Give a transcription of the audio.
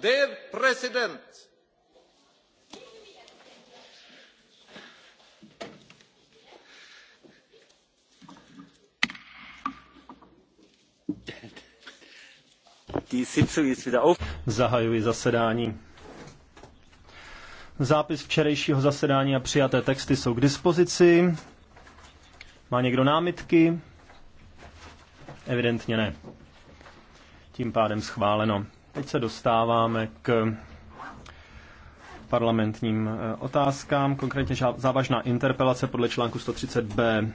their President, Zahajuji zasedání. Zápis včerejšího zasedání a přijaté texty jsou k dispozici. Má někdo námitky? Evidentně ne. Tím pádem schváleno. Teď se dostáváme k parlamentním eh, otázkám, konkrétně závažná interpelace podle článku 130b